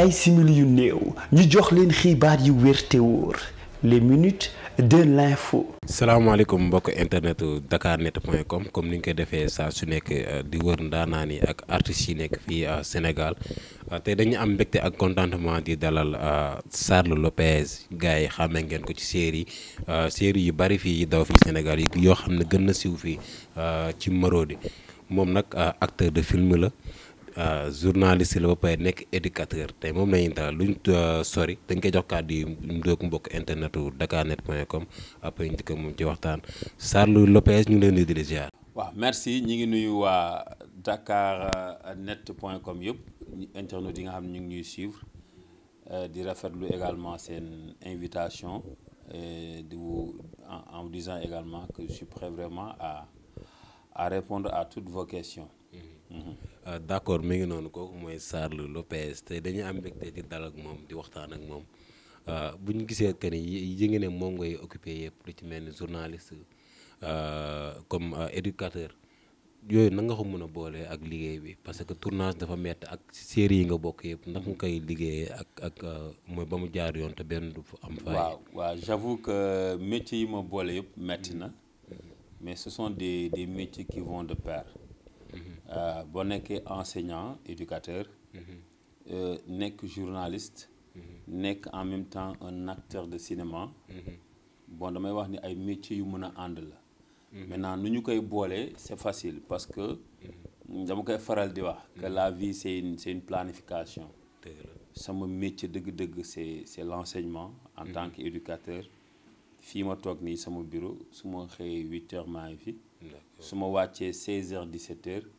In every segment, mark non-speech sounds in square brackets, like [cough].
ay simili yu néew ñu jox leen xibaar yu wér te wóor les minutes de l'info. salaamaaleykum mbokk internet dakarnet.com comme ni ñu koy defee saa su nekk euh, di wër ndaanaan yi ak artistes yi nekk fii euh, Sénégal euh, te dañu am mbégte ak contentement di dalal Charles Lopez gars yi xàmme ngeen ko ci série série yu bari fii daw fii Sénégal yi yoo xam ne gën na siiw fii ci Marodi moom nag acteur de film la. Euh, journaliste la ba pare nekk éducateur te moom lañuy dalal luñ euh, sori dañ koy jox kàddu yi ndoog mbokk internet wu dakarnet point com après ñu dikk moom ci waxtaan Charles Lopez ñu leen di di ziar. merci ñi ngi nuyu waa dakarnet point comme yëpp internet yi nga xam ne ñu ngi ñuy suivre euh, di rafetlu également seen invitation di en, en disant également que je suis vraiment à à répondre à toutes vos questions. Euh, d' accord mi ngi noonu kooku mooy Charles Lopez te dañu am mbégte di dal ak moom di waxtaan ak moom euh, bu ñu gisee que ni yi ngi ne moom ngay occupé yëpp lu ci mel ni journaliste euh, comme éducateur yooyu na nga ko mën a boole ak liggéey bi parce que tournage dafa métti ak série yi nga bokk yëpp ndax nga koy liggéeyee ak ak mooy ba mu jaar yoon te benn du am. faay waaw waaw j'avoue que métier yi ma boole yëpp métti na mm-hmm. mais ce sont des des métiers qui vont de pair. Euh, boo nekkee enseignant éducateur mm-hmm. euh, nekk journaliste mm-hmm. nekk en même temps un acteur de cinéma mm-hmm. bon damay wax ni ay métiers yu mën a ànd la maintenant nu ñu koy boolee c'est facile parce que dama koy faral di wax que la vie c'est seen planification sama métier dëgg-dëgg c'est c'est l'enseignement en tant que qu'éducateur fii ma toog nii sama bureau su ma xëyee huit heures maa ngi su ma wàccee seize heures dix-sept heures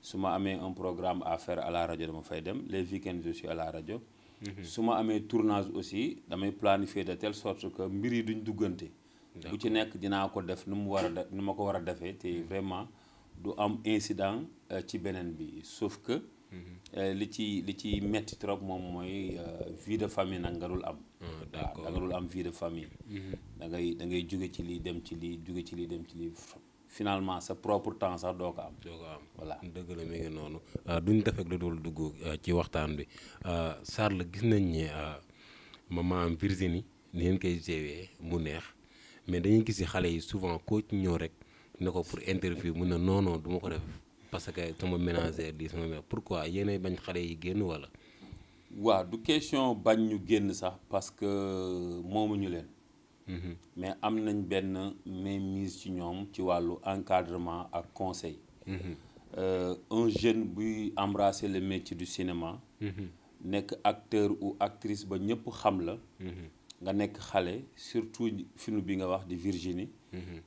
su ma amee un programme affaire faire à la rajo dama fay dem les week-ends je à la rajo. Mhm. su ma amee tournage aussi damay planifier de telle sorte que mbir yi duñ duggante. bu ci nekk dinaa ko def nu mu war a nu ma ko war a defee te mhm. vraiment du am incident euh, ci beneen bi sauf que. Mhm. Euh, li ci li ci metti trop moom mooy euh, vie de famille nag nga dul am. Ah, d'accord da dul am vie de famille. da ngay da ngay jóge ci lii dem ci lii jóge ci lii dem ci lii. finalement sa propre temps sax doo ko am. doo ko am voilà dëgg la mi ngi noonu euh, duñ def ak lu dul euh, ci waxtaan bi euh, Charles gis nañ ma maman Virginie ni ngeen koy géwee mu neex mais dañuy gis xale yi souvent koo ñëw rek ne ko pour interview mun na noonoo non du ma ko def parce que sama ménagère di sama mère pourquoi yéenay bañ xale yi génn wala. waaw du question bañ ñu génn sax parce que moomuñu leen. Mm-hmm. mais am nañ benn mainmise ci ñoom ci wàllu encadrement ak conseil. Mm-hmm. Euh, un jeune buy embrasser le métier du cinéma. Mm-hmm. nekk acteur ou actrice ba ñëpp xam la. nga nekk xale surtout film bi nga wax di Virginie.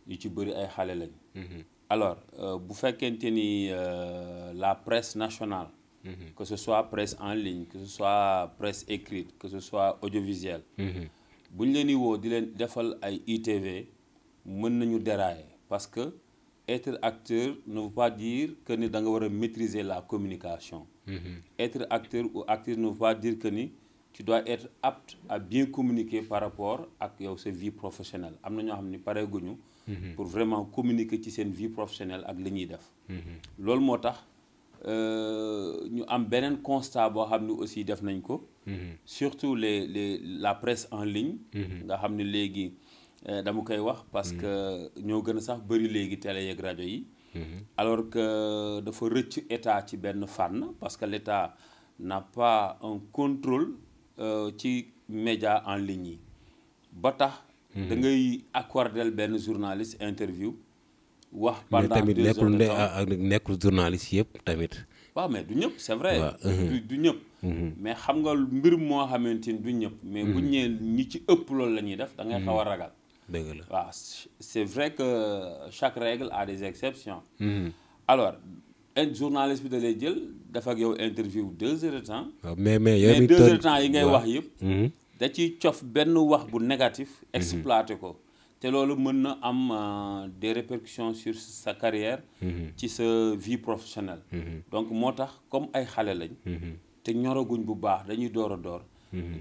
yu ci bëri ay xale lañ. alors euh, bu fekkente ni euh, la presse nationale. que ce soit presse en ligne que ce soit presse écrite que ce soit audiovisuelle. bu ñu leen di woo di leen defal ay ITV mën nañu dérailler parce que être acteur ne veut pas dire que ni da nga war a maîtriser la communication. Mm-hmm. être acteur ou actrice ne veut pas dire que ni ci dois être apte à bien communiquer par rapport ak yow sa vie professionnelle am na ñoo xam ni pareeguñu. Mm-hmm. pour vraiment communiquer ci seen vie professionnel ak li ñuy def. Mm-hmm. loolu moo tax. Euh, ñu am beneen constat boo xam ne aussi def nañ ko. Mhm. surtout les les la presse en ligne. Mhm. nga xam ne léegi euh, dama koy wax. parce mhm. que ñoo gën a sax bëri léegi télé yeeg rajo yi. alors que dafa rëcc état ci benn fànn parce que l' état n'a pas un contrôle euh, ci média en ligne yi ba tax. da ngay accordel benn journaliste interview. wax pendant tamit nekkul ne ak nekkul journaliste yëpp tamit. waaw mais du ñëpp c'est vrai. Uh-huh. du ñëpp. Mm-hmm. mais xam nga mbir moo xamante ni du ñëpp. mais buñ ñee mm-hmm. ñi ci ëpp loolu la ñuy def da ngay mm-hmm. xaw a ragal. dëgg la waaw c'est vrai que chaque règle a des exceptions. alors un journaliste bi da lay jël dafa yow interview deux heures de temps. mais mais yow deux heures temps yi ngay wax yëpp. da ci cof benn wax bu négatif. exploité ko. te loolu mën na am euh, des répercussions sur sa carrière mhm. ci sa vie professionnelle mhm. donc moo tax comme ay xale lañ mhm. te ñoraguñ bu baax dañuy door a door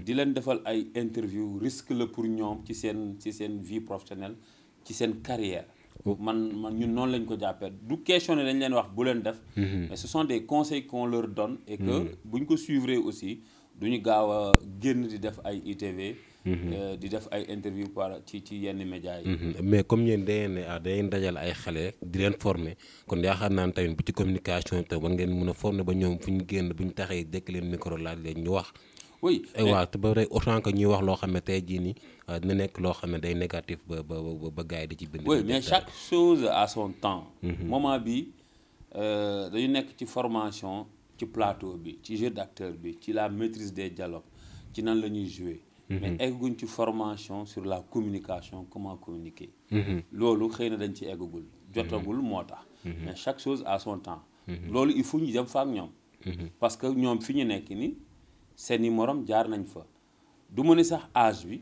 di leen defal ay interview risque la pour ñoom ci seen ci seen vie professionnelle ci seen carrière oh. man man ñun noonu lañ ko jàppee du question ne dañ leen wax bu leen def mais ce sont des conseils qu'on leur donne et que buñ ko suivre aussi duñu gaaw a génn di def ay ITV Mm-hmm. Euh, di def ay interview par ci ci yenn médias yi. Mm-hmm. mais comme yéen da ngeen ne ah, da ngeen dajal ay xale di leen former kon yaakaar naa ne tamit bu ci communication bi tamit war ngeen mën a former ba ñoom fu ñu génn bu ñu taxee dëkk leen micro leen ñu wax. oui waaw te ba tey autant que ñuy wax loo xam ne tey jii nii ah, dana nekk loo xam ne day négatif ba ba ba gars di ci bind. oui mais chaque chose à son temps. Mm-hmm. moment bi euh, dañu nekk ci formation ci plateau bi ci jeu d'acteur bi ci la maîtrise des dialogues ci nan la ñuy jouer. mais mhm. egguñ ci formation sur la communication comment communiquer. Mhm. loolu xëy na dañ ci eggagul. Mhm. jotagul moo tax. mais chaque chose à son temps. loolu il faut ñu dem fa ak ñoom. parce que ñoom fi ñu nekk seen seeni morom jaar nañ fa du ma ne sax âge bi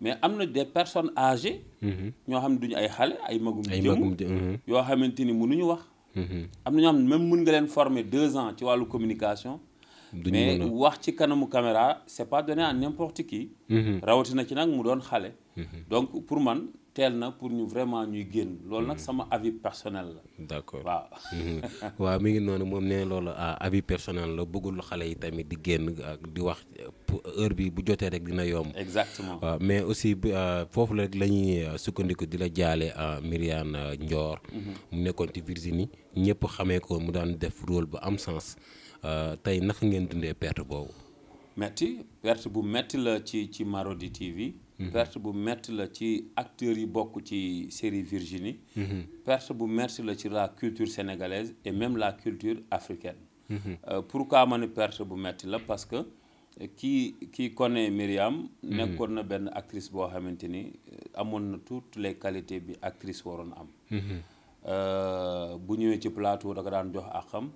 mais am na des personnes age ñoo xam ne duñu ay xale ay magum jëmm yoo xamante ni mënuñu wax. am na ñoo xam ne même mën nga leen former deux ans ci wàllu communication. mais wax ci kanamu caméra c'est pas donné à n'importe qui mhm. rawatina ci nag mu doon xale mhm. donc pour man teel na pour ñu vraiment ñuy génn loolu nag mhm. sama avis personnel la. d'accord waaw. [laughs] waaw mi ngi noonu moom nee loolu ah, avis personnel la bëggul xale yi tamit di génn ak di wax heure bi bu jotee rek dina yomb. exactement mais aussi ah, foofu la rek la ah, sukkandiku di la jaale Myriam njoor mhm. mu nekkoon ci Virginie ñëpp xamee ko mu daan def rôle bu am sens tey naka ngeen dundee perte boobu. metti perte bu metti la ci ci Marodi TV. Mm-hmm. perte bu metti la ci acteurs yi bokk ci série Virginie mm-hmm. perte bu metti la ci la culture sénégalaise et même la culture africaine mm-hmm. euh, pourquoi ma ne perte bu metti la parce que euh, kii kii connaît Myriam nekkoon na benn actrice boo xamante ni euh, amoon na toutes les qualité bi actrice waroon am bu ñëwee ci plateau da ko daan jox ak xam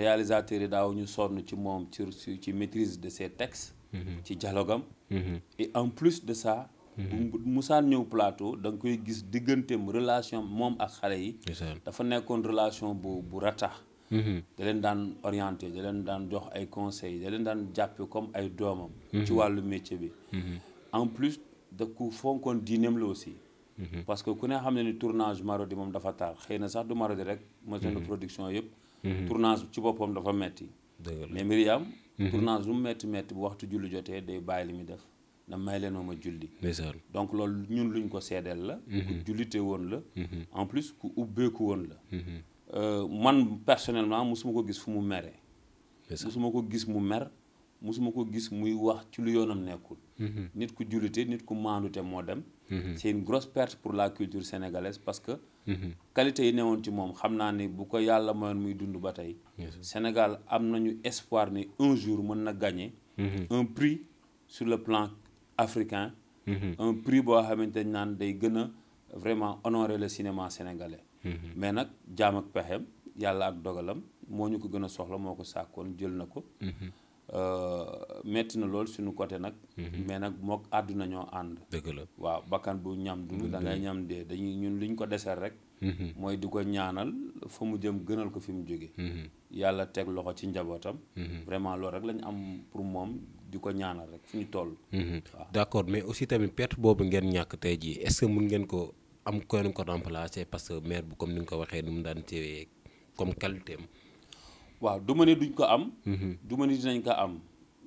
réalisateur yi daaw ñu sonn ci moom ci ci maîtrise de ses textes Mhm. ci dialogue am mhm. en plus de ça bu musaan mhm. ñëw plateau da nga koy gis digganteem relation moom ak xale yi dafa nekkoon relation bu bu ratax da leen daan orienté da leen daan jox ay conseils da leen daan jàppe comme ay doomam ci wàllu métier bi en plus da ku fonkoon diineem la aussi parce que ku ne xam ne ni tournage Marodi moom dafa taal xëy na sax du Marodi rek machine de production yëpp tournage ci boppam dafa metti mais Mhm. tournage lu mu metti metti bu waxtu julli jotee day bàyyi lu muy def na may leenoo ma julli donc loolu ñun luñ ko seedeel la ku mhm. jullite woon la mhm. en plus ku ubbeeku woon la euh, man personnellement musuma ko gis fu mu mere musuma ko gis mu mer musuma ko gis muy wax ci lu yoonam nekkul nit ku jullite nit ku maandute moo dem Mm-hmm. seen une grosse perte pour la culture sénégalaise parce que mm-hmm. qualité yi newoon ci moom xam naa ni bu ko yàlla mayoon muy dund ba tey Sénégal am nañu espoir ni un jour mën na gagner mm-hmm. un prix sur le plan africain un prix boo xamante naan day gën a vraiment honorer le cinéma sénégalais mais nag jaam ak pexeem yàlla ak dogalam moo ñu ko gën a soxla moo ko sàkkoon jël na ko Euh, metti na lool suñu côté nag. Mhm. mais nag mook àdduna ñoo ànd. dëgg la waaw bakkan bu ñam du da ñam dee dañuy ñun ñu ko desal rek. Mhm. mooy di ko ñaanal fa mu jëm gënal ko fi mu jógee mhm. yàlla teg loxo ci njabootam. vraiment loolu rek lañ am pour moom di ko ñaanal rek fu ñu toll. waaw d'accord mais aussi tamit perte boobu ngeen ñàkk tey jii est-ce ngeen ko am ko ko remplacer parce que maire bu comme ni nga ko waxee nu mu daan téye comme qualité am waaw du ma ne duñ ko am. Mhm. du ma ne dinañ ko am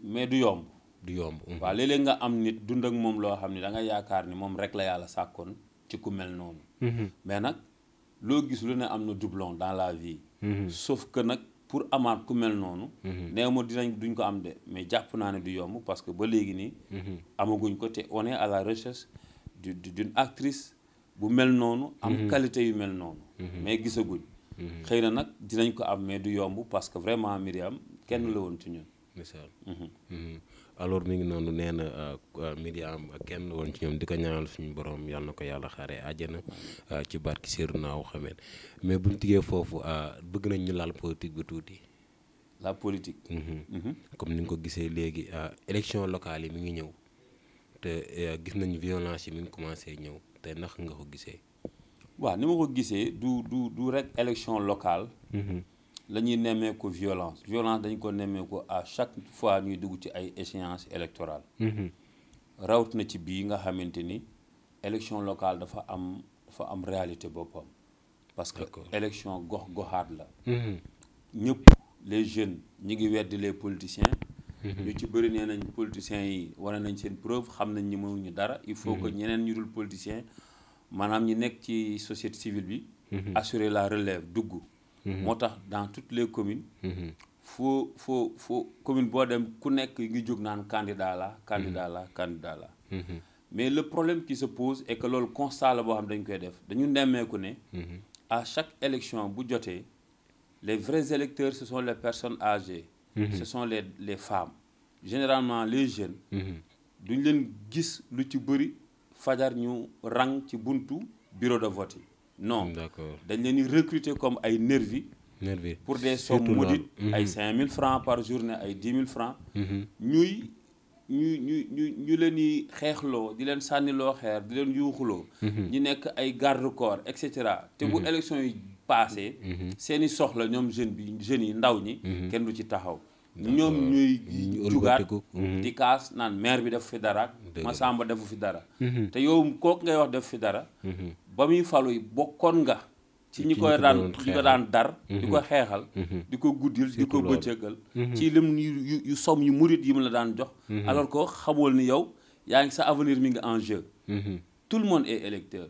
mais du yomb. du yomb mhm. waaw léeg-léeg nga am nit dund ak moom loo xam ne da nga yaakaar ni moom rek la yàlla sàkkoon ci ku mel noonu. Mhm. mais nag loo gis lu ne am na doublon dans la vie. sauf que nag pour amaat ku mel noonu. néew ma dinañ duñ ko am de mais jàpp naa ne du yomb parce que ba léegi nii. amaguñ ko te on à la recherche d'une actrice bu mel noonu. am qualité yu mel noonu. mais gisaguñ. Mhm. xëy na nag dinañ ko am mais du yomb parce que vraiment Myriam kenn la mhm. woon ci ñun. Mhm. alors mi ngi noonu nee na euh, euh, Myriam kenn woon ci ñoom di ko ñaanal suñu borom yàlla na ko yàlla xaaree àjjana euh, ci barki Seydina Muhammad mais bu buñu tiggee foofu bëgg nañ ñu laal politique bi tuuti. la politique. comme ni nga ko gisee léegi élection locale yi mi ngi ñëw te gis nañ violence yi mi ngi commencé ñëw te ndax nga ko gisee. waaw ni ma ko gisee du du du rek élection locale mm-hmm. la ñuy ko violence violence dañ ko nemmee ko à chaque fois ñuy dugg ci ay échéance électorale mm-hmm. rawat na ci bii nga xamante ni élection locale dafa am dafa am réalité boppam parce que élection gox goxaat la mm-hmm. ñëpp les jeunes ñi ngi weddi les politiciens ñu ci bëri nee nañ politiciens yi wane nañ seen preuve xam nañ ñi mënuñu dara il faut que ñeneen ñu dul politiciens maanaam ñi nekk ci société civile bi. Mhm. assurer la relève dugg. Mhm. moo tax dans toutes les communes. Mhm. foo foo foo commune boo dem ku nekk ngi jóg naan candidat la candidat la candidat la. mais le problème qui sa pose est que loolu constat boo xam dañu koy def dañu nemmeeku ne. à chaque élection bu jotee les vrais électeurs ce sont les personnes âgées. ce son les les femmes généralement les jeunes. duñ leen gis lu ci bëri. fajar ñu rang ci buntu bureau de vote yi non dañ leen di recruter comme ay nervi nervi pour des sommes maudites mhm. ay mille francs par journée ay 10 000 francs mhm. ñuy ñu ñu ñu ñu leen di xeexloo di leen sànniloo xeer di leen yuuxuloo mhm. ñu nekk ay garde corps et cetera te bu élection yi passé seeni soxla ñoom jeune bi jeunes yi ndaw ñi kenn du ci taxaw ñoom ñuy jugaat mm-hmm. di kaas naan maire bi def fi dara Masamba defu fi dara mm-hmm. te yow kooku ngay wax def fi dara mm-hmm. ba muy falu bokkoon nga ci ñi koy daan di dar di ko xeexal di ko guddil di ko bëccëgal ci lim yu yu som yu murit yi mu la daan jox alors que xamool ni yow yaa ngi sa avenir mi ngi en jeu tout le monde est électeur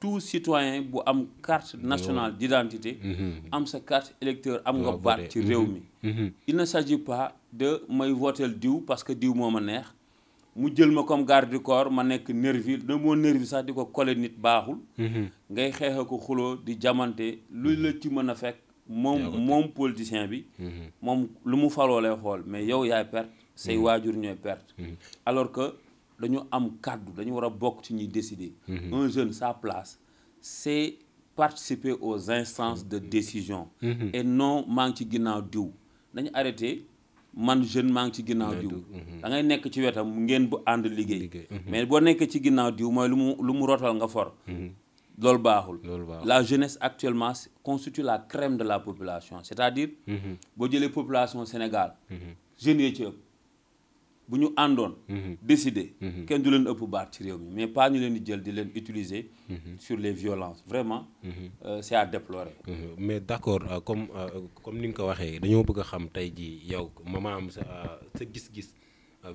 tout citoyen bu am carte nationale d'identité mhm. am sa carte électeur am nga baat ci réew mi mhm. Mhm. il sa ji pas de may votel diw parce que diw moo ma neex mu jël ma comme garde du corps ma nekk nervi da moo nervi sax di ko kole nit baaxul ngay xeex a ko xuloo di jamante lu la ci mën a fekk moom moom politicien bi moom lu mu faloo lay xool mais yow yaay perte say waajur ñooy perte alors que dañu am kàddu dañu war a bokk ci ñuy décider. Mhm. un jeune sa place c'est participer aux instances de décision. Mhm. et non maa ngi ci ginnaaw diw dañu arrêté man jeune maa ngi ci ginnaaw diw. Mhm. da nekk ci wetam ngeen bu ànd liggéey. mais boo nekkee ci ginnaaw diw mooy lu mu lu mu rotal nga for. loolu baaxul la jeunesse actuellement constitue la crème de la population c'est-à-dire boo jëlee population Sénégal jeunes yee ci ëpp bu ñu àndoon. Mhm. décider. Mhm. kenn du leen ëpp baat ci réew mi mais pas ñu leen di jël di leen utiliser. Mhm. sur les violences vraiment. Euh, c'est à déplorer. mais d'accord euh, comme euh, comme ni nga ko waxee dañoo bëgg a xam tey jii yow maman am sa gis-gis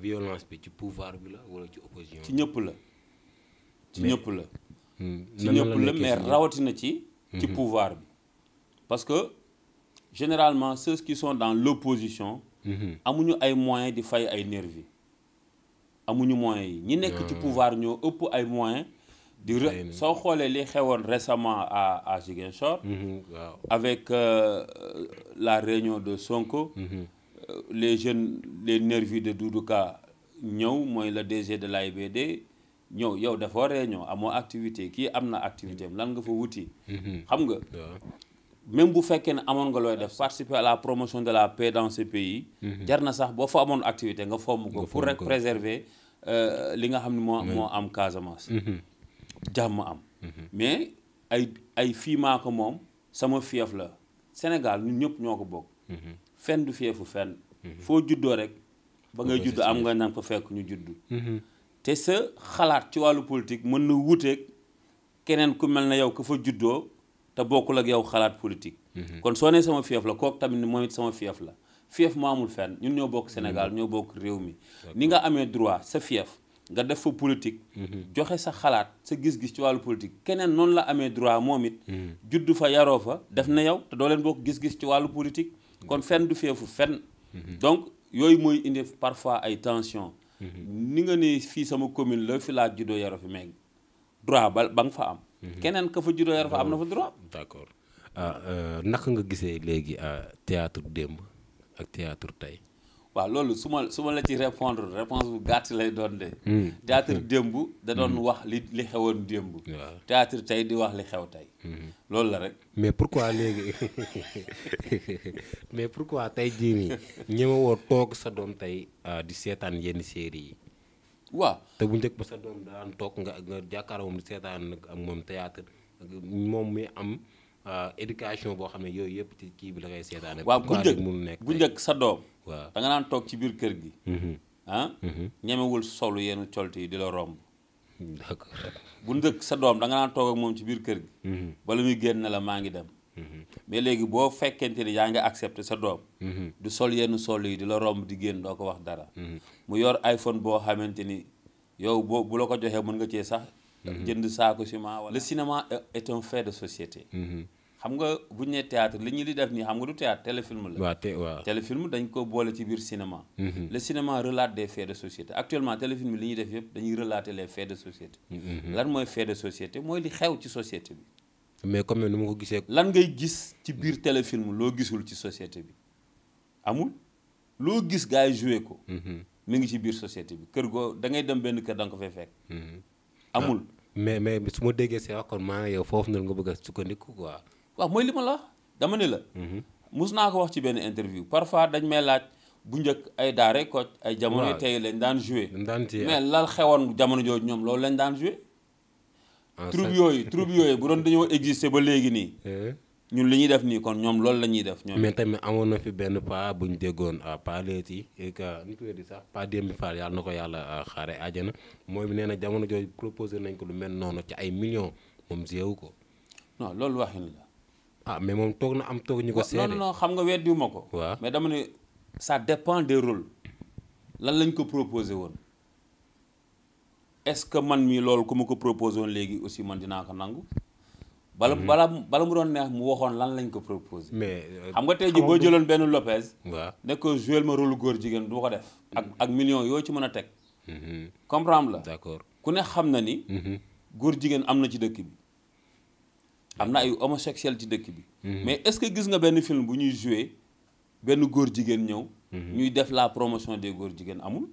violence bi ci pouvoir bi la wala ci opposition ci ñëpp la. ci ñëpp hmm. la. ñëpp la mais rawatina ci. ci pouvoir bi parce que généralement ceux qui sont dans l'opposition Mm-hmm. amuñu ay moyens di fay ay nervi amuñu moyens yi ñi nekk ci mm-hmm. pouvoir ñoo ëpp ay moyens di soo xoolee li xewoon récemment à à Ziguinchor mm-hmm. avec euh, la réunion de Sonko euh, les jeunes les nervis de Doudouka ñëw mooy le DG de l'AIBD ñëw yow dafa réunion amoo activité kii am na activité am lan nga fa wuti xam nga mais bu fekkee ne amoon nga looy def participer à la promotion de la paix dans ce pays. Mhm. jar na sax boo fa amoon activité nga fomm ko. pour rek préserver euh, li nga xam ne moo moo am Casamance. Mhm. jàmm am. Mhm. mais ay ay fii ko moom sama fief la Sénégal ñun ñëpp ñoo ko bokk. fenn du fiefu fenn. foo juddoo rek ba ngay judd am nga naan ko fekk ñu juddu. te sa xalaat ci wàllu politique mën na wuuteeg keneen ku mel na yow ku fa juddoo. te bokkul ak yow xalaat politique. Mhm. kon soo nee sama fief la kook tamit moom it sama fief la fief moo amul ñun ñoo bokk Sénégal mhm. ñoo bokk réew mi. ni nga amee droit sa fief nga def fa politique. Mhm. joxe sa xalaat sa gis-gis ci wàllu politique keneen noonu la amee droit moom it. juddu fa yaroo fa def na yow te doo leen bokk gis-gis ci wàllu politique. kon fen du feefu fenn. donc yooyu mooy indi parfois ay tension ni nga ne fii sama commune la fi laa juddoo yaroo fi mais droit ba ba nga fa am. Mhm. keneen ka fa juddoo yar fa am na fa droit. d'accord ah, euh, naka nga gisee léegi euh, théâtre démb ak théâtre tey. waaw loolu su ma su ma la ci répondre réponse bu gàtt lay doon de. Hmm. théâtre hmm. démb da doon hmm. wax li li xewoon démb. waaw théâtre tey di wax li xew tey. loolu la rek. mais pour pourquoi léegi [laughs] mais pour quoi tey jii nii ñëwoo toog sa doom tey euh, di seetaan yenn série yi. waaw te bu njëkk ba sa doom daan toog nga nga jàkkaarloo moom seetaan ak moom théâtre moom mi am euh, éducation boo xam ne yooyu yëpp ci kii bi la koy seetaane. waaw bu njëkk mu nekk bu njëkk sa doom. da nga naan toog ci biir kër gi. ah. ñemewul solu yenn colt yi di la romb. bu njëkk sa doom da nga naan toog ak moom ci biir kër gi. Mm-hmm. bala muy génn la maa ngi dem. mais léegi boo fekkente ni yaa ngi accepte sa doom. du sol yenn sol yi di la romb di génn doo ko wax dara. mu yor iPhone boo xamante ni yow boo bu la ko joxee mën nga cee sax. jënd saako ciment wala. le cinéma est un fait de société. xam nga bu ñu nee théâtre li ñu li def nii xam nga du théâtre téléfilm la. waaw té waaw téléfilm dañ ko boole ci biir cinéma. Mhm. le cinéma relate des faits de société actuellement téléfilm li ñuy def yëpp dañuy relater les faits de mhm. lan mooy fait de société mooy li xew ci société bi. mais comme ne ni ma ko gisee. lan ngay gis ci biir téléfilm loo gisul ci société bi amul loo gis gars yi joué ko. mu mhm. ngi ci biir société bi kër goo da ngay dem benn kër da nga ko fay fekk. Mhm. amul ah, mais mais su ma déggee see wax kon maanaam yow foofu noonu nga bëgg a sukkandiku quoi. waaw mooy li ma la dama ne la. Mhm. mus naa ko wax ci benn interview parfois dañ may laaj bu njëkk ay daare ko ay jamono tey lañ daan joué. mais lal xewoon jamono jooju ñoom loolu lañ daan joué. troupe yooyu troupe yooyu bu doon dañoo exister ba léegi nii. Eh? ñun li ñuy def nii kon ñoom loolu la ñuy def. ñoom mais tamit amoon na fi benn paa bu ñu déggoon ah, paa Leyti et que ni ko di sax paa Demba Fall yàlla na ko yàlla ah, xaare àjjana mooy nee na jamono jooju proposé nañ ko lu mel noonu ci ay millions moom jéewu ko. non loolu waxin la. ah mais moom toog na am toog ñu ko. seede non non xam nga weddiwuma ko. waaw mais dama ne sa dépend des rôles lan lañ ko proposé woon. est-ce que man mii loolu ku ma ko proposé woon léegi aussi man dinaa ko nangu. bala mhm. bala bala mu doon neex mu waxoon lan lañ ko proposé. mais euh, xam nga tey jii boo jëloon benn Lopez. waaw ne ko joué ma rôle góor jigéen du ma ko def. ak ak millions yoo ci mën a teg. Mhm. comprendre la d'accord ku ne xam na ni. Mhm. góor jigéen am na ci dëkk bi. am na ay homosexuels ci dëkk bi. mais est-ce que gis nga benn film bu ñuy joué benn góor jigéen ñëw. ñuy def la promotion des góor jigéen amul.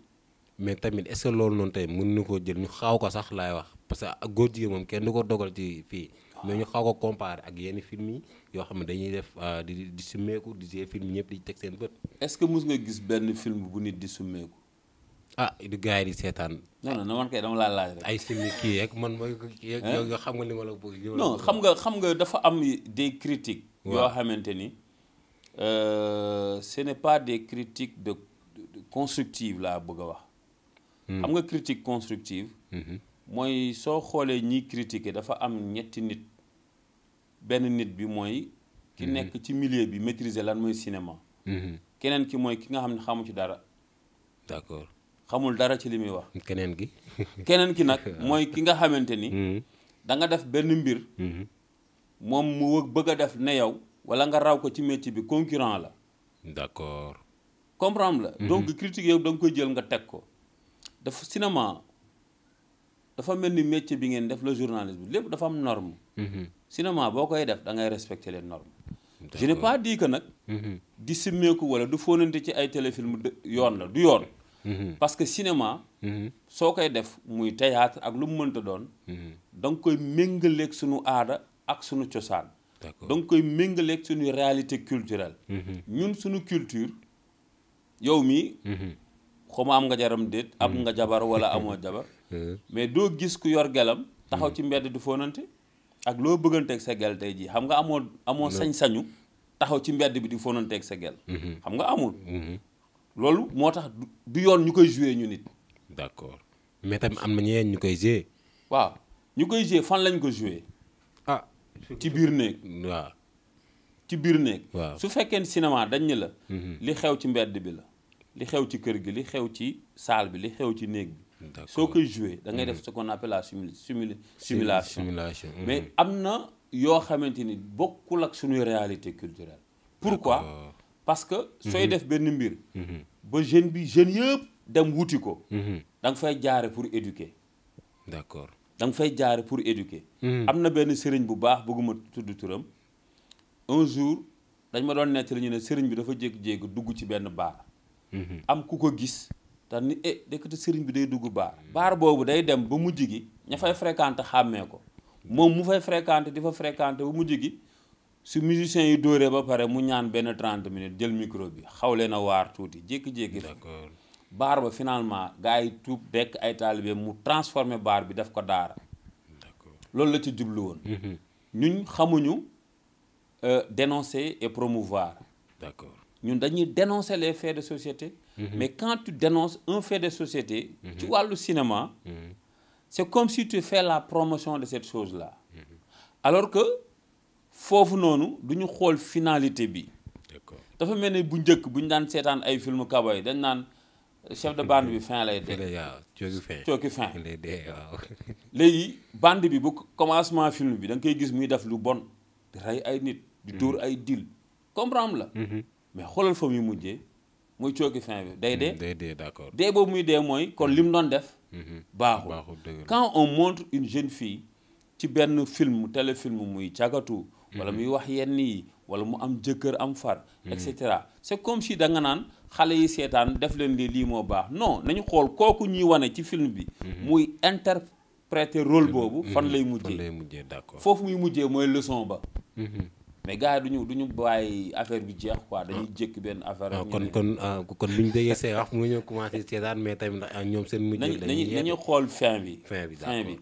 mais tamit est-ce que loolu noonu tey mën na koo jël ñu xaw ko sax laay wax parce que ak góor moom kenn du ko dogal ci fii. mais ñu xaw ko comparer ak yenn film yi yoo xam ne dañuy def euh, di di summeeku di see ñëpp di teg seen bët. est-ce que mus nga gis benn film bu nit di summeeku. ah du gars yi seetaan. non non laa laaj ay film kii yeeg man mooy kii nga xam nga li ma la bëgg. non xam nga xam nga dafa am des critique yoo xamante ni euh, ce n'est pas des critique de constructives laa bëgg a wax. Hmm. xam nga critique constructive mhm. mooy soo xoolee ñiy critiquer dafa am ñetti nit benn nit bi mooy ki mhm. nekk ci milieu bi maîtriser lan mooy cinéma mhm. keneen ki mooy ki nga xam ne xamu ci dara d'accord xamul dara ci li muy wax keneen gi [laughs] keneen ki nag [laughs] mooy ki nga xamante ni da nga def benn mbir moom mu bëgg a def ne yow wala nga raw ko ci métier bi concurrent la d'accord comprendre la donc critique yow da nga koy jël nga teg ko dafa cinéma dafa mel ni métier bi ngeen def le journalisme lépp dafa am norme mhm. cinéma boo koy def da ngay respecter les normes je n'ai pas dit nag mhm. di simmeeku wala du fóonante ci ay téléfilm yoon la du yoon mhm. parce que cinéma soo koy def muy théâtre ak lu mu mënta doon da nga koy méngaleeg suñu aada ak sunu cosaan da nga koy méngaleeg suñu réalité culturelle ñun suñu culture yow mii xaw am nga jaram déet am nga jabar wala hmm. amoo jabar [laughs] hmm. mais doo gis ku yor gelam taxaw hmm. ci mbedd di fóonante ak loo bëgganteeg sa gel tey jii xam nga amoo amoo sañ-sañu taxaw ci mbedd bi di fóonanteeg sa gel xam nga amul loolu moo tax du yoon ñu koy joué ñu nit d'accord mais tamit am na ñeneen ñu koy joué waaw ñu koy joué fan lañ ko joué ah ci biir néeg waaw ci biir néeg waaw su fekkee cinéma dañ la li xew ci mbedd bi la li xew ci kër gi li xew ci salle bi li xew ci néeg bi soo koy joué da def mm-hmm. ce qu'on appelle la simul mm-hmm. mais am na yoo xamante ni bokkul ak suñuy réalité culturelle pourquoi parce que sooy mm-hmm. def benn mbir ba jeune bi jeune yëpp dem wuti ko da nga fay jaare pour éduquer d'accord da nga fay jaare pour éduquer am na benn sëriñ bu baax bëgguma tudd turam un jour dañ ma doon nettali ñu ne sëriñ bi dafa jékki-jékki dugg ci benn baax Mhm. am ku ko gis te ni eh dëkkati sëriñ bi day dugg baar baar boobu day dem ba mujj gi ña fay fréquenté xàmmee ko moom mu fay fréquenté di fa fréquenté ba mujj gi su musiciens yi dóoree ba pare mu ñaan benn 30 minutes jël micro bi xaw leen a waar tuuti jékki-jékki baar ba finalement gars yi tuub bekk ay taalibe mu transformé baar bi def ko daara loolu la ci jublu woon mhm. ñun xamuñu euh, dénoncer et promouvoir d'accord ñun dañuy dénoncer les faits de société. Mm-hmm. mais quand tu dénonces un fait de société. Mm-hmm. ci wàllu cinéma. Mm-hmm. c'est comme si tu fais la promotion de cette chose-là. alors que foofu noonu du ñu xool finalité bi. d'accord dafa mel ni bu njëkk bu ñu daan seetaan ay film yi dañ naan euh, chef de bande bi fin lay dee. cooki fin cooki fin lay dee waaw. [laughs] léegi bi bu commencement film bi da nga koy gis muy def lu bon di rey ay nit. di dóor ay dil comprendre la. mais xoolal fa muy mujje muy cooki fin bi day dee. Mm, day dee d'accord dee boobu muy dee mooy kon li mu doon def. Mm-hmm. baaxul baaxul quand on montre une jeune fii ci benn film téléfilm muy càggatu. wala mm-hmm. muy wax yenn yi wala mu am jëkkër am far. et mm-hmm. cetera c'est comme si da nga naan xale yi seetaan def leen lii lii moo baax non nañu xool kooku ñuy wane ci film bi. muy interpréter rôle boobu. fan lay mujjee lay mujjee d'accord foofu muy mujjee mooy leçon ba. mais gars yi du ñu du ñu bàyyi affaire bi jeex quoi dañuy ah. jékki benn affaire. Ah, kon kon ah, kon bu ñu déggee say wax mu nga ñëw commencé seetaan mais tamit ñoom seen. mujj lañuy nañu xool fin bi. fin bi fin bi.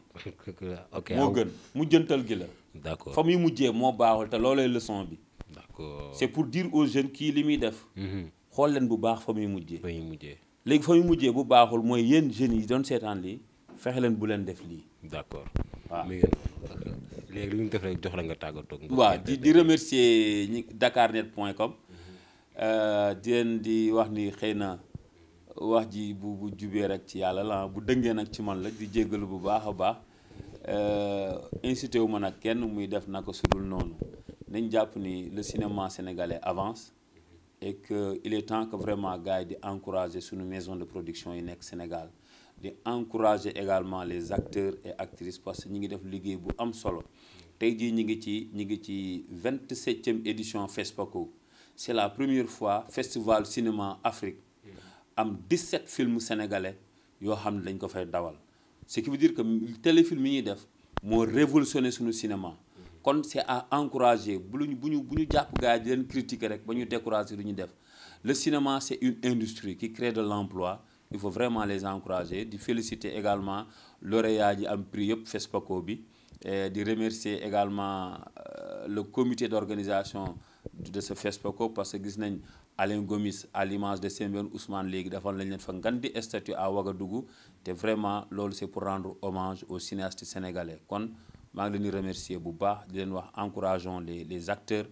[laughs] ok moo gën mu jëntal gi la. d' accord fa muy mujjee moo baaxul te loolay leçon bi. d' pour dire aux jeune kii li muy def. Mm-hmm. xool leen bu baax fa muy mujjee. fa muy mujjee léegi fa muy mujjee bu baaxul mooy yéen jeunes yi doon seetaan li fexe leen bu leen def lii. d' accord waaw. léegi li ñu def rek jox la nga tàggatoog. waaw di di remercier ñi dakarnet.com euh, di leen di wax ni xëy na wax ji bu bu jubee rek ci yàlla la bu dëngee nag ci man la di jéggalu bu baax a baax euh, incité wu ma nag kenn muy def na ko sudul noonu nañ jàpp ni le cinéma sénégalais avance et que il est temps que vraiment gars yi di encourager suñu maison de production yi nekk Sénégal. di encourager également les acteurs et actrices parce que ñi ngi def liggéey bu am solo tey jii ñi ngi ci ñi ngi ci vingt-septième édition FESPACO c'est la première fois festival cinéma Afrique am 17 films sénégalais yoo xam ne dañ ko fay dawal ce qui veut dire que téléfilm yi ñuy def moo révolutionné suñu cinéma kon c'est à encourager bu ñu bu ñu bu ñu jàpp gars yi di leen critiquer rek ba ñu décourager lu ñu def le cinéma c'est une industrie qui crée de l'emploi il faut vraiment les encourager di féliciter également lauréat yi am prix yëpp FESPACO bi di remercier également euh, le comité d'organisation de ce FESPACO parce que gis nañ Alain Gomis à l'image de Sembène Ousmane léegi dafa nañ leen fa ngan di statue à Ouagadougou te vraiment loolu c'est pour rendre hommage au cinéastes sénégalais kon maa ngi leen di remercier bu baax di leen wax encourageons les les acteurs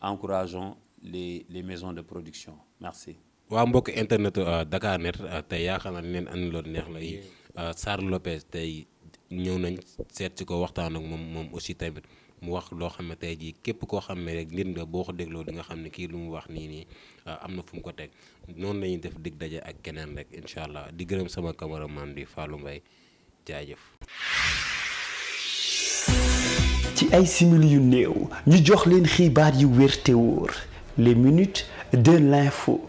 encourageons les les maisons de production merci waa mbokk internet euh, Dakar Net te euh, tey yaakaar naa leen andiloon neex la yi euh, Sarr Lopez tey ñëw nañ seet si ko waxtaan ak moom moom aussi tamit mu wax loo xam ne tey jii képp koo xam ne rek nit nga boo ko dégloo di nga xam ne kii lu mu wax nii nii am na fu mu ko teg noonu la def dig daje ak keneen rek incha allah di gërëm sama cameraman bi di Mbaye jaajëf. ci ay simili yu néew ñu jox leen xibaar yu wér te wóor les minutes de l'info